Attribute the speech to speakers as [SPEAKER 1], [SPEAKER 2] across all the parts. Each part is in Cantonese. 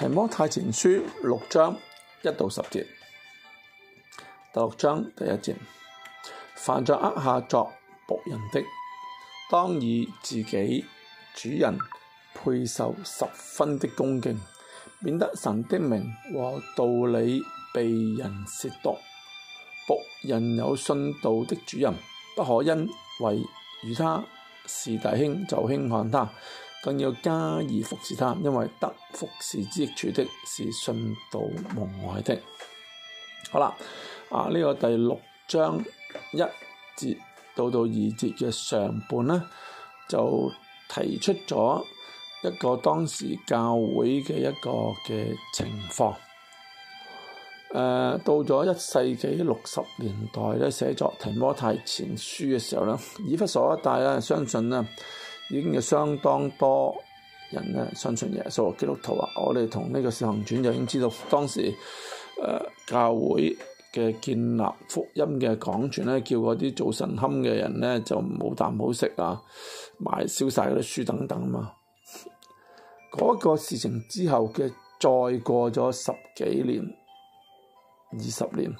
[SPEAKER 1] 《提摩太前書》六章一到十節，第六章第一節：凡在軛下作僕人的，當以自己主人配受十分的恭敬，免得神的名和道理被人褻瀆。僕人有信道的主人，不可因為與他是弟兄就輕看他。更要加以服侍他，因為得服侍之處的是信道蒙愛的。好啦，啊呢、這個第六章一節到到二節嘅上半咧，就提出咗一個當時教會嘅一個嘅情況、呃。到咗一世紀六十年代咧，寫作提摩太前書嘅時候咧，以弗所一帶咧，相信咧。已經有相當多人咧相信耶穌基督徒啊！我哋同呢個小行傳就已經知道當時誒、呃、教會嘅建立福音嘅講傳咧，叫嗰啲做神龕嘅人咧就冇啖好食啊，賣燒晒嗰啲書等等嘛。嗰、那個事情之後嘅再過咗十幾年、二十年，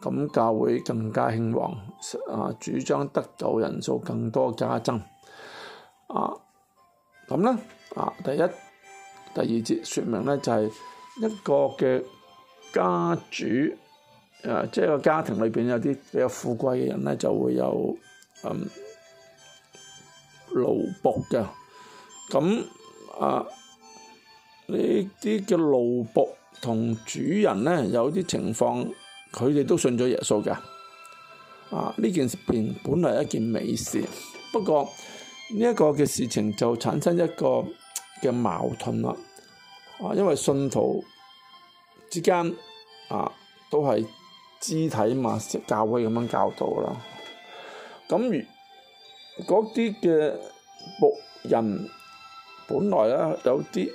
[SPEAKER 1] 咁教會更加興旺啊，主張得到人數更多加增。啊，咁咧啊，第一、第二節說明咧就係、是、一個嘅家主，誒、啊，即、就、係、是、個家庭裏邊有啲比較富貴嘅人咧，就會有嗯奴僕嘅。咁啊，呢啲嘅奴僕同主人咧，有啲情況佢哋都信咗耶穌嘅。啊，這呢件事邊本來係一件美事，不過。呢一個嘅事情就產生一個嘅矛盾啦，啊，因為信徒之間啊都係肢體嘛，教會咁樣教導啦。咁如嗰啲嘅僕人，本來咧有啲，誒、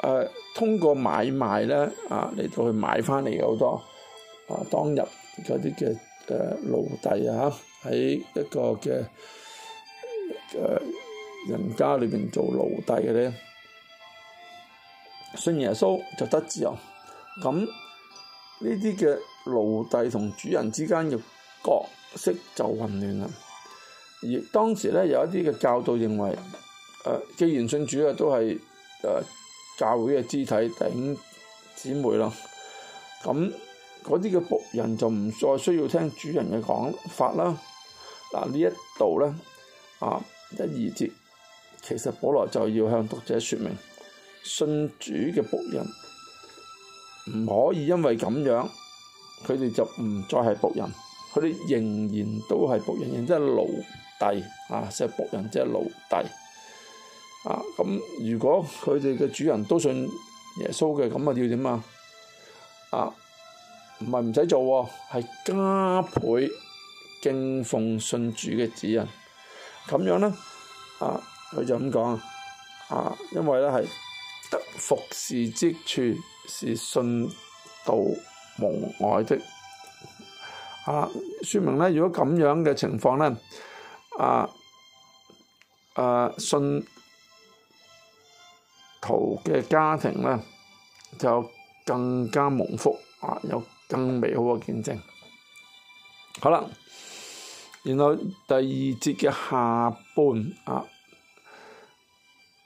[SPEAKER 1] 呃、通過買賣咧啊嚟到去買翻嚟好多啊，當日嗰啲嘅誒奴隸啊，喺一個嘅。人家裏面做奴隸嘅咧，信耶穌就得自由。咁呢啲嘅奴隸同主人之間嘅角色就混亂啦。而當時咧有一啲嘅教導認為，既然信主嘅都係誒教會嘅肢體、弟兄姊妹啦，咁嗰啲嘅僕人就唔再需要聽主人嘅講法啦。嗱，呢一度咧，啊。一二節，其實保羅就要向讀者說明，信主嘅僕人唔可以因為咁樣，佢哋就唔再係僕人，佢哋仍然都係僕,、啊、僕人，即係奴隸啊！即係僕人即係奴隸啊！咁如果佢哋嘅主人都信耶穌嘅，咁啊要點啊？啊，唔係唔使做喎，係加倍敬奉信主嘅指引。咁樣咧，啊，佢就咁講啊，因為咧係得服侍之處，是信道蒙愛的，係、啊、啦，說明咧，如果咁樣嘅情況咧，啊誒、啊、信徒嘅家庭咧，就更加蒙福啊，有更美好嘅見證，好、啊、啦。啊然後第二節嘅下半啊，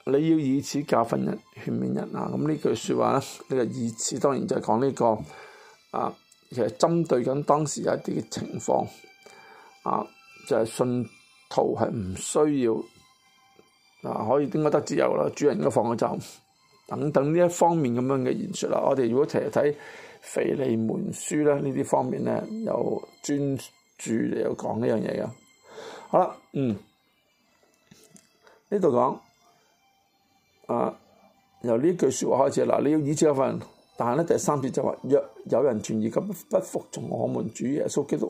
[SPEAKER 1] 你要以此教訓人、勸勉人啊，咁呢句説話呢，你、這個意思當然就係講呢個啊，其實針對緊當時一啲嘅情況啊，就係、是、信徒係唔需要啊，可以點解得自由啦？主人應該放佢走等等呢一方面咁樣嘅言説啦。我哋如果成日睇腓利門書咧，呢啲方面咧有專。住嚟有講呢樣嘢嘅，好啦，嗯，呢度講，啊，由呢句説話開始啦。你要以此有份，但係咧第三節就話，若有人傳異教不服從我們主耶穌基督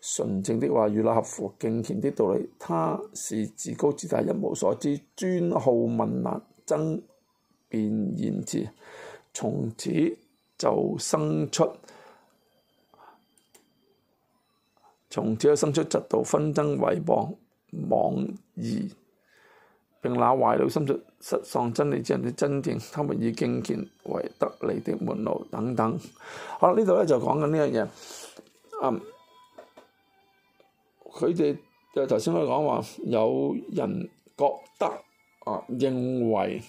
[SPEAKER 1] 純正的話與那合乎敬虔的道理，他是自高自大，一無所知，專好問難，爭辯言辭，從此就生出。從此生出嫉妒，紛爭、毀謗、妄疑，並那壞了心術，失喪真理之人的爭競，他們以敬虔為得利的門路等等。好啦，這裏呢度咧就講緊呢樣嘢。嗯，佢哋就頭先我講話，有人覺得啊，認為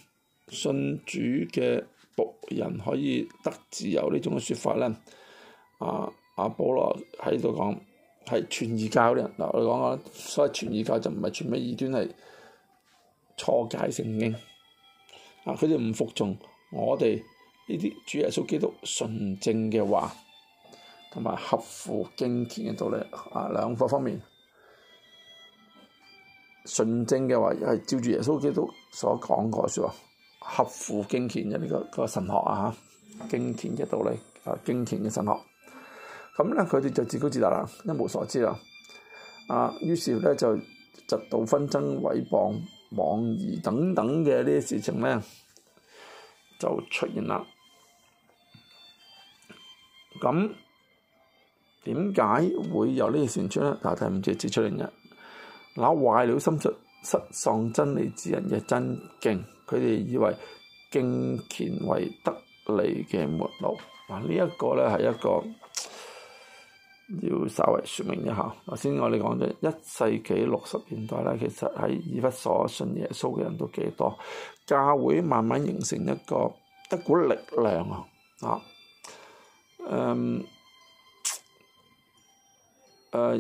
[SPEAKER 1] 信主嘅僕人可以得自由呢種嘅說法呢阿阿、啊、保羅喺度講。係傳異教嘅人，我哋講啊，所以傳異教就唔係傳咩異端，係錯解聖經。佢哋唔服從我哋呢啲主耶穌基督純正嘅話，同埋合乎敬虔嘅道理。啊，兩個方面，純正嘅話係照住耶穌基督所講過説話，合乎敬虔嘅呢個個神學啊嚇，敬虔嘅道理，啊敬虔嘅神學。咁咧，佢哋就自高自大啦，一無所知啦。啊，於是咧就嫉妒紛爭、毀謗、妄疑等等嘅呢啲事情咧就出現啦。咁點解會有呢啲個傳出咧？嗱，睇唔少接出另一。那壞了心術、失喪真理之人嘅爭競，佢哋以為敬虔為得利嘅末路。嗱、啊，呢一個咧係一個。要稍微説明一下，頭先我哋講嘅一世紀六十年代咧，其實喺以弗所信耶穌嘅人都幾多，教會慢慢形成一個一股力量啊！嗯呃、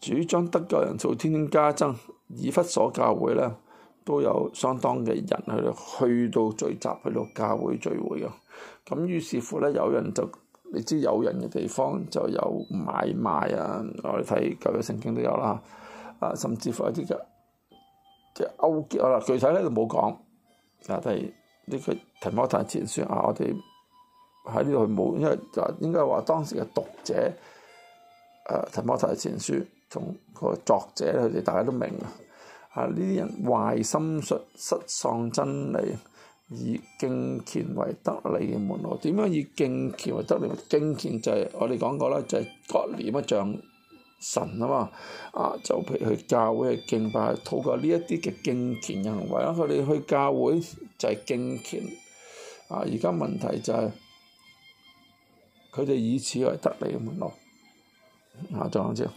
[SPEAKER 1] 主張得救人數天天加增，以弗所教會咧都有相當嘅人去去到聚集，去到教會聚會嘅，咁於是乎咧，有人就。你知有人嘅地方就有買賣啊！我哋睇舊嘅聖經都有啦，啊，甚至乎有啲嘅嘅勾結啊！啦，具體喺度就冇講，但係呢個提摩太前書啊，我哋喺呢度去冇，因為應該話當時嘅讀者，誒提摩太前書同個作者，佢哋大家都明啦，啊，呢啲人壞心術，失喪真理。以敬虔為得利嘅門路，點樣以敬虔為得利？敬虔就係、是、我哋講過啦，就係割念啊、像神啊嘛，啊就譬如去教會去敬拜、禱告呢一啲嘅敬虔嘅行為啦，佢哋去教會就係、是、敬虔。啊，而家問題就係佢哋以此為得利嘅門路。啊，就咁先，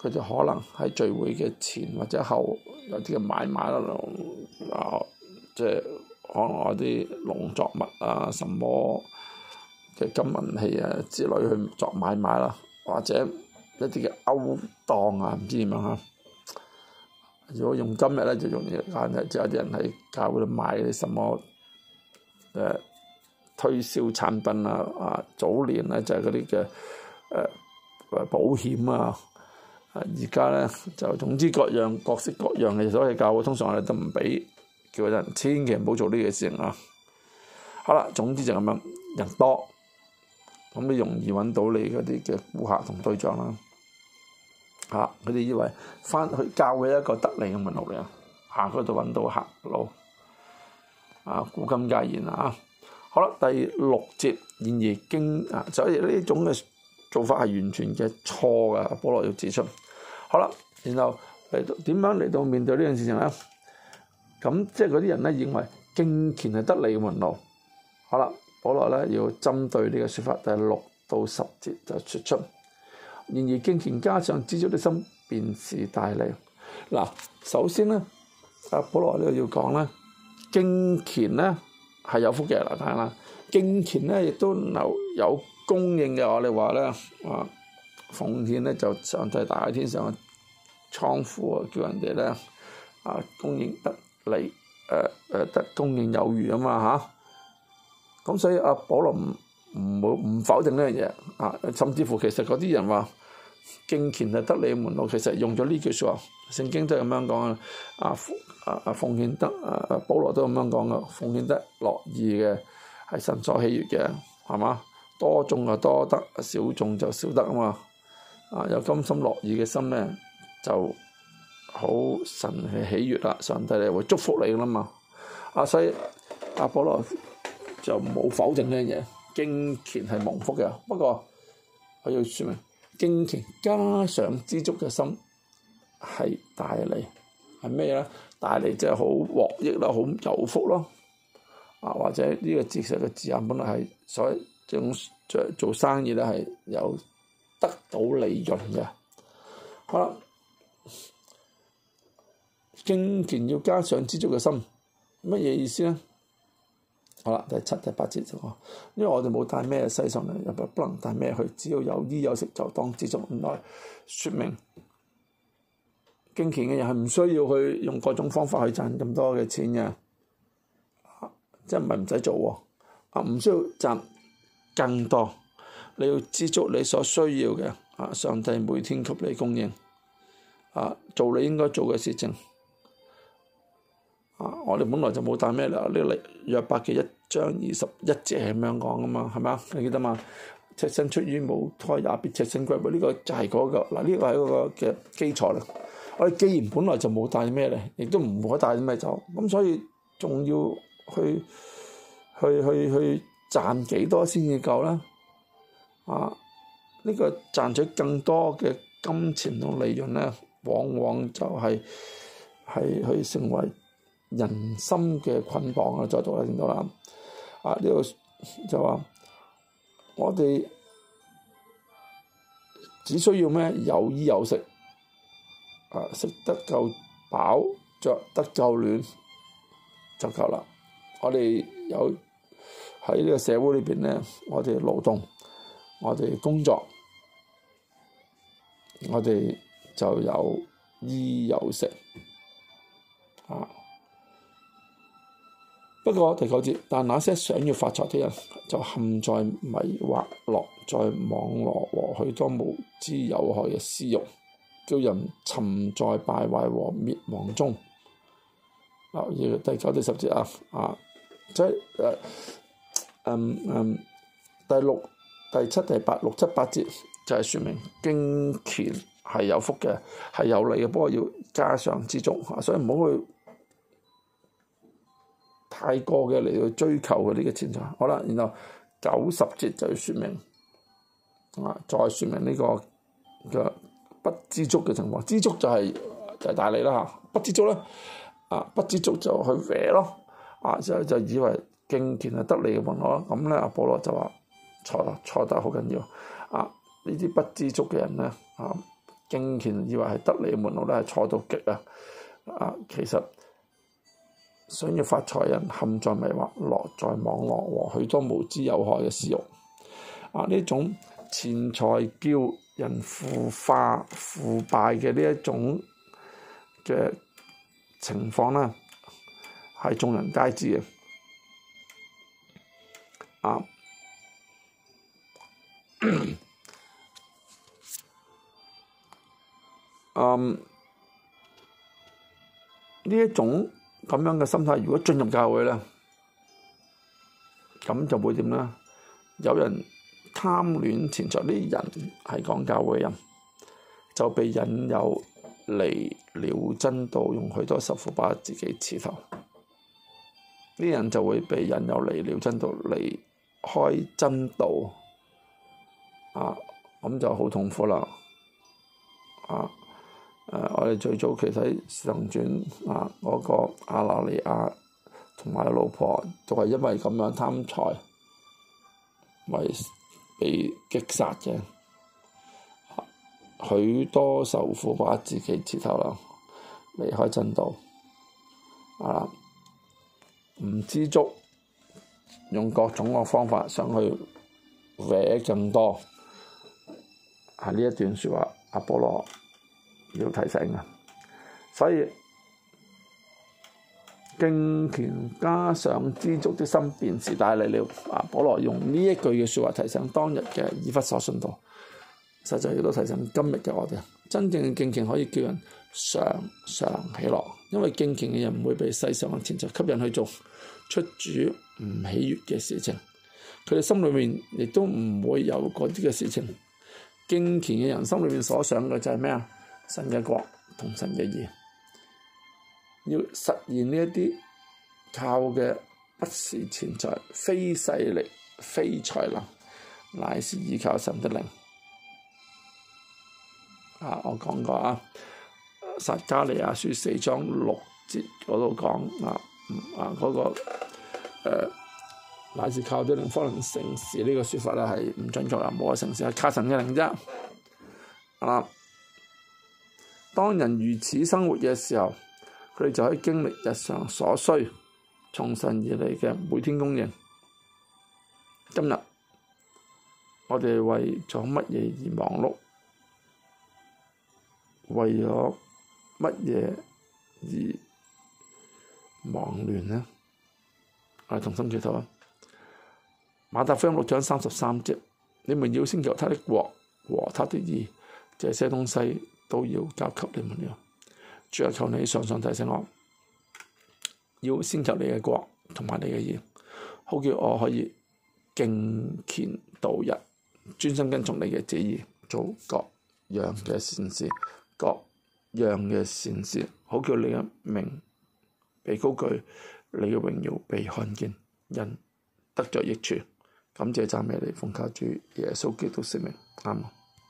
[SPEAKER 1] 佢哋可能喺聚會嘅前或者後有啲嘅買賣啊，即、就、係、是。可能啲農作物啊，什麼嘅金銀器啊之類去作買賣啦，或者一啲嘅勾當啊，唔知點樣嚇、啊。如果用今日咧，就容易家咧，就是、有啲人喺教會度賣啲什麼誒推銷產品啊，啊早年咧就係嗰啲嘅誒誒保險啊，而家咧就總之各樣各式各樣嘅嘢，所以教會通常我哋都唔畀。叫人千祈唔好做呢件事情啊！好啦，總之就咁樣人多，咁你容易揾到你嗰啲嘅顧客同對象啦。嚇，佢哋以為翻去教會一個得利嘅門路嚟啊，下嗰就揾到客路啊，古今皆然啊，好啦，第六節現而經啊，所以呢種嘅做法係完全嘅錯噶。保羅要指出，好啦，然後嚟到點樣嚟到面對呢樣事情咧？咁即係嗰啲人咧，認為敬虔係得利嘅門路，好啦，保羅咧要針對呢個説法，第六到十節就説出。然而敬虔加上知足的心，便是大利。嗱，首先咧，啊保羅呢度要講咧，敬虔咧係有福嘅。嗱，睇下啦，敬虔咧亦都有有供應嘅，我哋話咧啊，奉獻咧就上帝打開天上嘅倉庫啊，叫人哋咧啊供應得。你誒，誒得供應有餘啊嘛，嚇。咁所以阿、啊、保羅唔唔唔否定呢樣嘢啊，甚至乎其實嗰啲人話敬虔係得利門路，其實用咗呢句説話，聖經都係咁樣講啊啊啊！奉獻得啊啊，保羅都咁樣講噶，奉獻得樂意嘅係神所喜悅嘅，係嘛？多種就多得，少種就少得啊嘛。啊，有甘心樂意嘅心咧，就～好神係喜悅啦，上帝你會祝福你噶啦嘛。阿西阿波羅就冇否認呢樣嘢，敬虔係蒙福嘅。不過我要説明，敬虔加上知足嘅心係帶嚟係咩嘢咧？帶嚟即係好獲益咯，好有福咯。啊，或者呢、這個知足嘅字眼本來係所謂用做做生意咧，係有得到利潤嘅。好啦。敬虔要加上知足嘅心，乜嘢意思咧？好啦，第七、第八節就，因為我哋冇帶咩世上嚟，又不能帶咩去，只要有衣有食就當知足。唔耐説明敬虔嘅人係唔需要去用各種方法去賺咁多嘅錢嘅，即係唔係唔使做喎？啊，唔需要賺更多，你要知足你所需要嘅。啊，上帝每天給你供應，啊，做你應該做嘅事情。啊！我哋本來就冇帶咩咧，呢度約伯記一章二十一節咁樣講噶嘛，係咪啊？你記得嘛？赤身出於母胎，也必赤身歸呢、這個就係嗰、那個嗱，呢、啊這個係嗰個嘅基礎啦。我哋既然本來就冇帶咩嚟，亦都唔可帶咩走，咁所以仲要去去去去賺幾多先至夠啦？啊！呢、這個賺取更多嘅金錢同利潤咧，往往就係、是、係去成為，人心嘅捆綁啊！再讀啦，聽到啦啊！呢度就話我哋只需要咩？有衣有食啊，食得夠飽，着得夠暖就夠啦。我哋有喺呢個社會裏邊咧，我哋勞動，我哋工作，我哋就有衣有食啊！不過第九節，但那些想要發財的人就陷在迷惑，落在網羅和許多無知有害嘅私欲，叫人沉在敗壞和滅亡中。留意第九至十節啊啊，即係誒嗯嗯，第六、第七、第八六七八節，就係、是、説明敬虔係有福嘅，係有利嘅，不過要加上知足，所以唔好去。太過嘅嚟去追求佢呢個錢財，好啦，然後九十節就要説明啊，再説明呢、這個嘅不知足嘅情況。知足就係、是、就係、是、大利啦嚇，不知足咧啊，不知足就去搲咯啊，之後就以為敬虔係得利嘅門路啦。咁咧，阿保羅就話錯啦，錯得好緊要啊！呢啲不知足嘅人咧啊，敬虔以為係得利嘅門路咧，係錯到極啊啊，其實。想要發財人陷在迷惑、落在網絡和許多無知有害嘅私慾，啊！呢種錢財叫人腐化、腐敗嘅呢一種嘅情況呢係眾人皆知嘅。啊，啊，呢、 嗯、一種。咁樣嘅心態，如果進入教會咧，咁就會點咧？有人貪戀錢財，啲人係講教會嘅人，就被引誘離了,了真道，用許多愁苦把自己刺透，啲人就會被引誘離了,了真道，離開真道，啊，咁就好痛苦啦，啊！我哋最早期睇《使徒行傳》啊，嗰個亞拿尼亞同埋老婆，就係因為咁樣貪財，咪被擊殺嘅。許多愁苦把自己刺透啦，離開真道，啊！唔知足，用各種嘅方法想去違更多啊！呢一段說話，阿波羅？要提醒啊！所以敬虔加上知足的心，便是大利了啊。保羅用呢一句嘅說話提醒當日嘅以弗所信徒，實際亦都提醒今日嘅我哋。真正嘅敬虔可以叫人常常喜樂，因為敬虔嘅人唔會被世上嘅甜頭吸引去做出主唔喜悅嘅事情。佢哋心裏面亦都唔會有嗰啲嘅事情。敬虔嘅人心裏面所想嘅就係咩啊？神嘅國同神嘅義，要實現呢一啲靠嘅不是存在、非勢力、非才能，乃是依靠神的靈。啊，我講過啊，撒迦利亞書四章六節嗰度講啊，啊嗰、那個誒、啊，乃是靠啲靈方能成事呢個説法咧，係唔準確啦，冇得成事，係靠神嘅靈啫。啊！當人如此生活嘅時候，佢哋就可以經歷日常所需從神而嚟嘅每天供應。今日我哋為咗乜嘢而忙碌？為咗乜嘢而忙亂呢？我哋同心祈禱啊！馬太福音六章三十三節：你們要先求他的國和他的義，這些東西，都要交給你們了。主啊，求你常常提醒我，要先求你嘅國同埋你嘅義，好叫我可以敬虔度日，專心跟從你嘅旨意，做各樣嘅善事，各樣嘅善事，好叫你嘅名被高舉，你嘅榮耀被看見，人得著益處。感謝讚美你，奉靠主耶穌基督聖名，阿門。